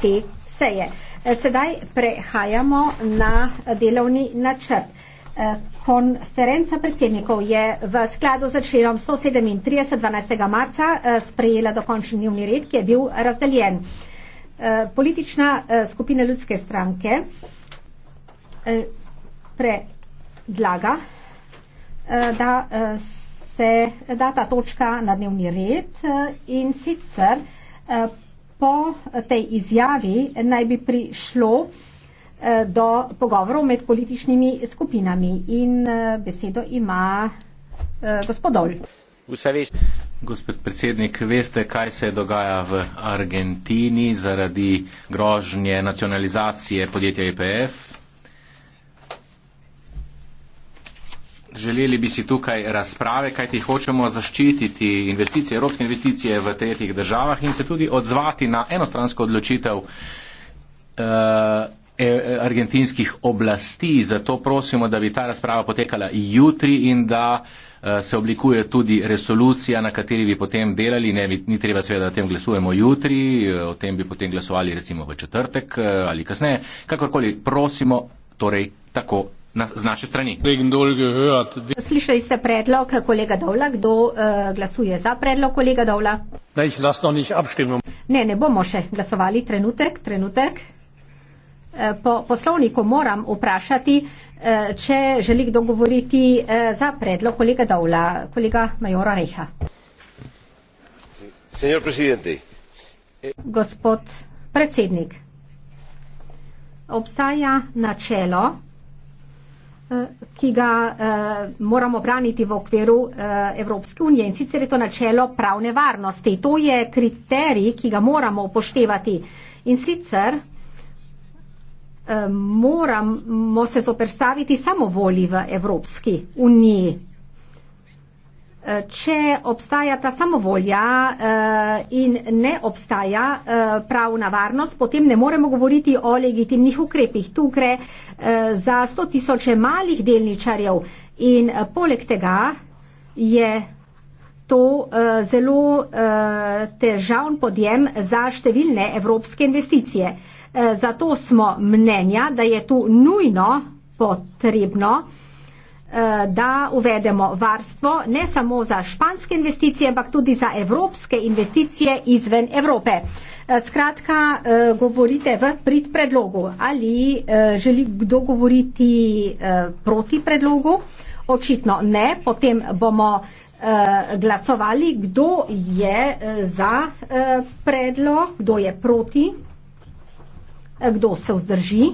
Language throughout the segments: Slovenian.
te seje. Eh, sedaj prehajamo na delovni načrt. Eh, konferenca predsednikov je v skladu z členom 137. 12. marca eh, sprejela dokončni dnevni red, ki je bil razdeljen. Politična skupina ljudske stranke predlaga, da se da ta točka na dnevni red in sicer po tej izjavi naj bi prišlo eh, do pogovorov med političnimi skupinami. In eh, besedo ima eh, gospodol. Gospod predsednik, veste, kaj se dogaja v Argentini zaradi grožnje nacionalizacije podjetja IPF? E Želeli bi si tukaj razprave, kajti hočemo zaščititi investicije, evropske investicije v tretjih državah in se tudi odzvati na enostransko odločitev uh, argentinskih oblasti. Zato prosimo, da bi ta razprava potekala jutri in da uh, se oblikuje tudi resolucija, na kateri bi potem delali. Ne, ni treba seveda, da o tem glasujemo jutri, eh, o tem bi potem glasovali recimo v četrtek uh, ali kasneje. Kakorkoli prosimo, torej tako na, z naše strani. Slišali ste predlog kolega Dovla, kdo uh, glasuje za predlog kolega Dovla? Ne, ne, ne bomo še glasovali, trenutek, trenutek. Eh, po poslovniku moram vprašati, eh, če želi kdo govoriti za predlog kolega Davla, kolega Majora Reha. Gospod predsednik, obstaja načelo, ki ga uh, moramo braniti v okviru uh, Evropske unije in sicer je to načelo pravne varnosti. To je kriterij, ki ga moramo upoštevati in sicer uh, moramo se zoperstaviti samo volji v Evropski uniji če obstaja ta samovolja eh, in ne obstaja eh, pravna varnost, potem ne moremo govoriti o legitimnih ukrepih. Tu gre eh, za sto tisoče malih delničarjev in poleg tega je to zelo težavn podjem za številne evropske investicije. Zato smo mnenja, da je tu nujno potrebno Eh, da uvedemo varstvo ne samo za španske investicije, ampak tudi za evropske investicije izven Evrope. Eh, skratka, eh, govorite v prid predlogu ali želi kdo govoriti proti predlogu? Očitno ne, potem bomo glasovali, kdo je za predlog, kdo je proti, kdo se vzdrži.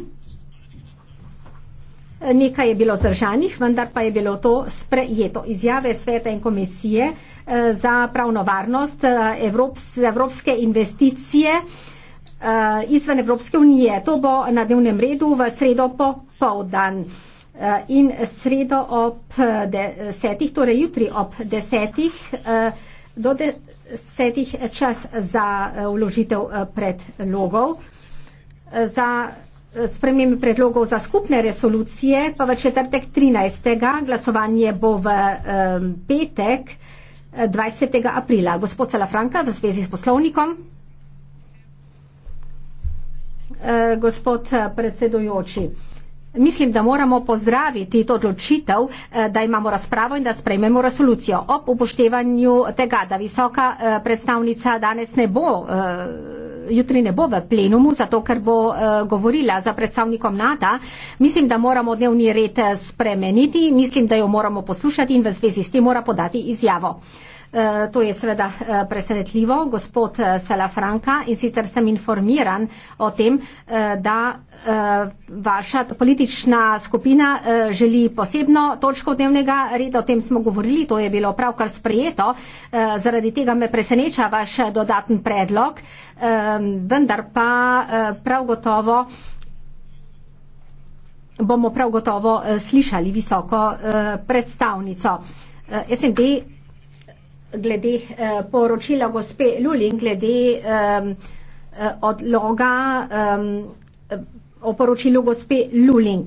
Nekaj je bilo zdržanih, vendar pa je bilo to sprejeto. Izjave sveta in komisije eh, za pravno varnost eh, Evrops, Evropske investicije eh, izven Evropske unije. To bo na dnevnem redu v sredo po povdan. In sredo ob desetih, torej jutri ob desetih, do desetih čas za vložitev predlogov. Za spremembe predlogov za skupne resolucije, pa v četrtek 13. glasovanje bo v petek 20. aprila. Gospod Salafranka v zvezi s poslovnikom. E, gospod predsedujoči, mislim, da moramo pozdraviti to odločitev, e, da imamo razpravo in da sprejmemo resolucijo. Ob upoštevanju tega, da visoka e, predstavnica danes ne bo jutri ne bo v plenumu, zato ker bo eh, govorila za predstavnikom NATO. Mislim, da moramo dnevni red eh, spremeniti, mislim, da jo moramo poslušati in v zvezi s tem mora podati izjavo. Eh, to je seveda eh, presenetljivo, gospod eh, Salafranka, in sicer sem informiran o tem, da vaša politična skupina želi posebno točko dnevnega reda, o tem smo govorili, to je bilo pravkar sprejeto, zaradi tega me preseneča vaš dodaten predlog, vendar pa prav gotovo bomo prav gotovo slišali visoko predstavnico. SND glede eh, poročila gospe Lulin, glede eh, odloga eh, o poročilu gospe Lulin.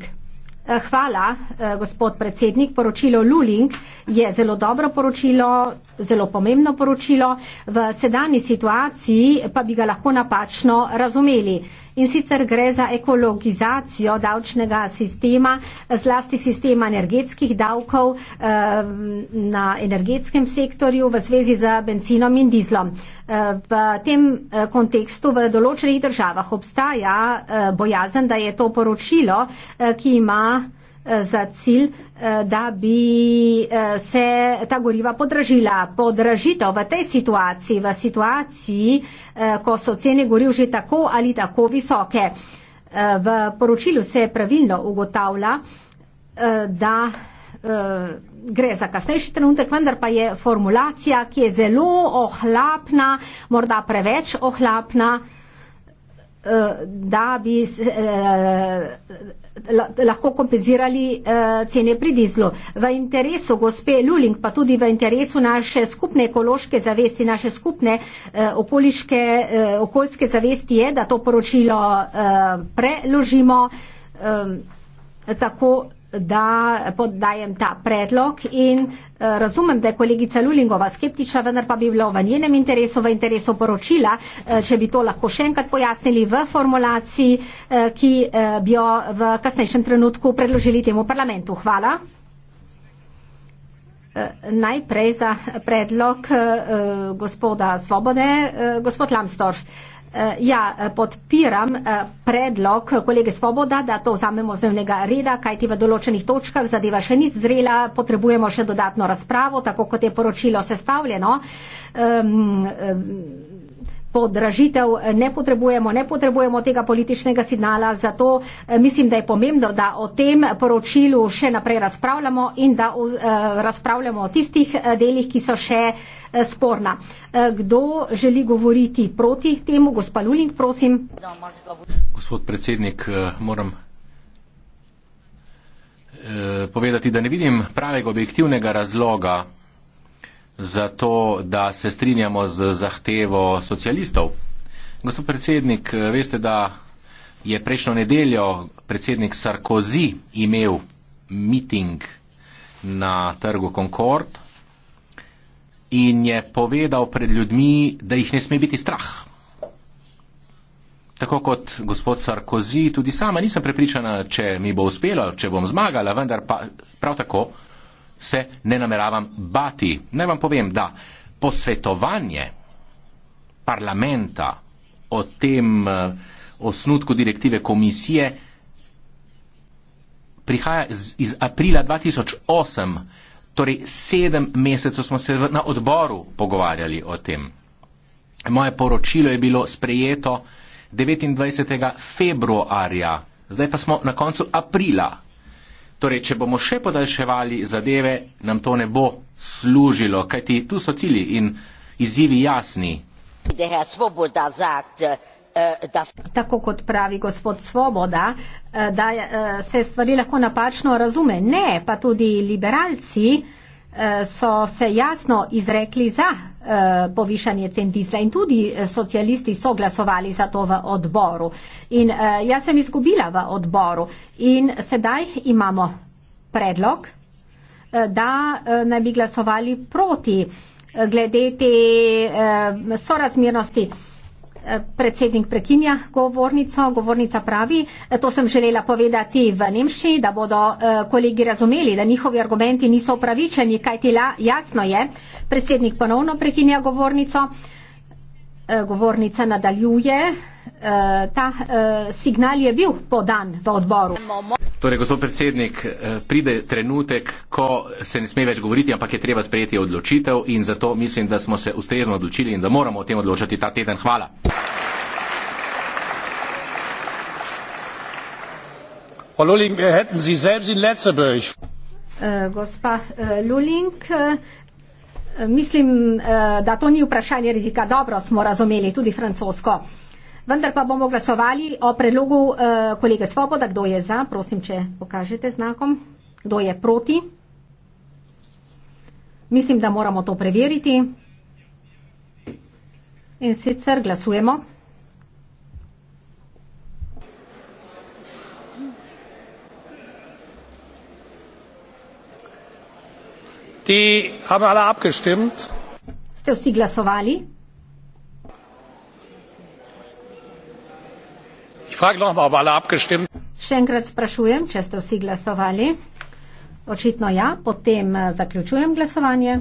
Eh, hvala, eh, gospod predsednik. Poročilo Luling je zelo dobro poročilo, zelo pomembno poročilo, v sedanji situaciji pa bi ga lahko napačno razumeli in sicer gre za ekologizacijo davčnega sistema, zlasti sistema energetskih davkov eh, na energetskem sektorju v zvezi z benzinom in dizlom. Eh, v tem eh, kontekstu v določenih državah obstaja bojazen, da je to poročilo, ki ima za cilj, eh, da bi eh, se ta goriva podražila. Podražitev v tej situaciji, v situaciji, eh, ko so cene goriv že tako ali tako visoke. V poročilu se pravilno ugotavlja, da gre za kasnejši trenutek, vendar pa je formulacija, ki je zelo ohlapna, morda preveč ohlapna. Eh, da bi eh, lahko kompenzirali eh, cene pri dizlu. V interesu gospe Luling, pa tudi v interesu naše skupne ekološke zavesti, naše skupne okoliške, okoljske zavesti je, da to poročilo preložimo tako, da podajem ta predlog in eh, razumem, da je kolegica Lulingova skeptična, vendar pa bi bilo v njenem interesu, v interesu poročila, eh, če bi to lahko še enkrat pojasnili v formulaciji, eh, ki bi jo v kasnejšem trenutku predložili temu parlamentu. Hvala. Najprej za predlog gospoda Svobode, gospod Lamstorf. Eh, ja, eh, podpiram eh, predlog kolege Svoboda, da to vzamemo z dnevnega reda, kajti v določenih točkah zadeva še ni zrela, potrebujemo še dodatno razpravo, tako kot je poročilo sestavljeno. Um, um, podražitev ne potrebujemo, ne potrebujemo tega političnega signala, zato eh, mislim, da je pomembno, da o tem poročilu še naprej razpravljamo in da eh, razpravljamo o tistih eh, delih, ki so še sporna. Kdo želi govoriti proti temu? Gospa Luling, prosim. Gospod predsednik, moram povedati, da ne vidim pravega objektivnega razloga zato, da se strinjamo z zahtevo socialistov. Gospod predsednik, veste, da je prejšnjo nedeljo predsednik Sarkozy imel miting na trgu Concord in je povedal pred ljudmi, da jih ne sme biti strah. Tako kot gospod Sarkozy, tudi sama nisem prepričana, če mi bo uspelo, če bom zmagala, vendar pa prav tako se ne nameravam bati. Naj vam povem, da posvetovanje parlamenta o tem eh, osnutku direktive komisije prihaja iz, iz aprila 2008, torej sedem mesecev smo se na odboru pogovarjali o tem. Moje poročilo je bilo sprejeto 29. februarja, zdaj pa smo na koncu aprila Torej, če bomo še podaljševali zadeve, nam to ne bo služilo, kajti tu so cilji in izzivi jasni. Eh, Tako kot pravi gospod Svoboda, eh, da eh, se stvari lahko napačno razume. Ne, pa tudi liberalci so se jasno izrekli za Eh, povišanje cen disla in tudi eh, socialisti so glasovali za to v odboru. In eh, jaz sem izgubila v odboru in sedaj imamo predlog, da naj bi glasovali proti glede te sorazmernosti predsednik prekinja govornico, govornica pravi, to sem želela povedati v Nemščini, da bodo eh, kolegi razumeli, da njihovi argumenti niso upravičeni, kaj ti jasno je, predsednik ponovno prekinja govornico, eh, govornica nadaljuje, eh, ta signal je bil podan v odboru. Torej, gospod predsednik, eh, pride trenutek, ko se ne sme več govoriti, ampak je treba sprejeti odločitev in zato mislim, da smo se ustrezno odločili in da moramo o tem odločati ta teden. Hvala. Luling, uh, eh, gospa uh, eh, Luling, uh, mislim, uh, da to ni vprašanje rizika. Dobro smo razumeli tudi francosko. Uh, Vendar pa bomo glasovali o predlogu uh, kolege Svoboda. Kdo je za? Prosim, če pokažete znakom. Kdo je proti? Mislim, da moramo to preveriti. In sicer glasujemo. Ste vsi glasovali? Še enkrat sprašujem, če ste vsi glasovali. Očitno ja, potem eh, zaključujem glasovanje.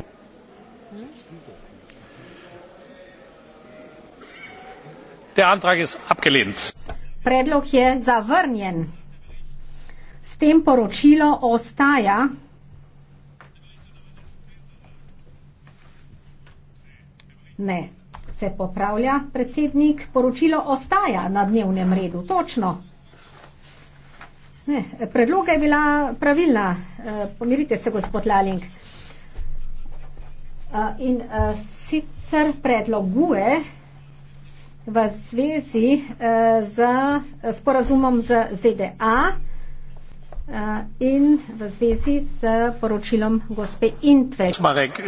Predlog je zavrnjen. S tem poročilo ostaja. Ne, se popravlja predsednik, poročilo ostaja na dnevnem redu, točno. Ne, predloga je bila pravilna, e, pomirite se, gospod Laling. E, in e, sicer predloguje v zvezi e, z sporazumom z ZDA e, in v zvezi z poročilom gospe Intve. Smarek,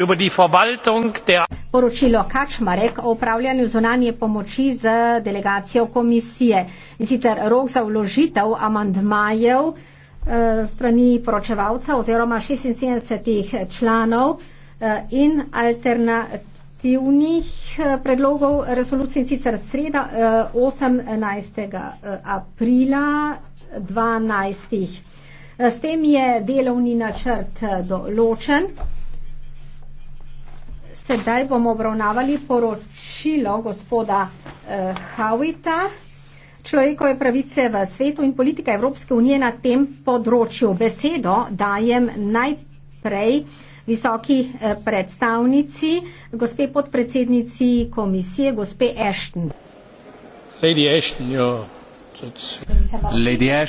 poročilo Kačmarek o upravljanju zunanje pomoči z delegacijo komisije. In sicer rok za vložitev amandmajev eh, strani poročevalca oziroma 76 članov eh, in alternativnih eh, predlogov resolucij sicer sreda 18. aprila 12. S tem je delovni načrt določen. Sedaj bomo obravnavali poročilo gospoda eh, Hawita, človekove pravice v svetu in politika Evropske unije na tem področju. Besedo dajem najprej visoki eh, predstavnici, gospe podpredsednici komisije, gospe Ashton. Lady Ashton, jo. Lady Ashton.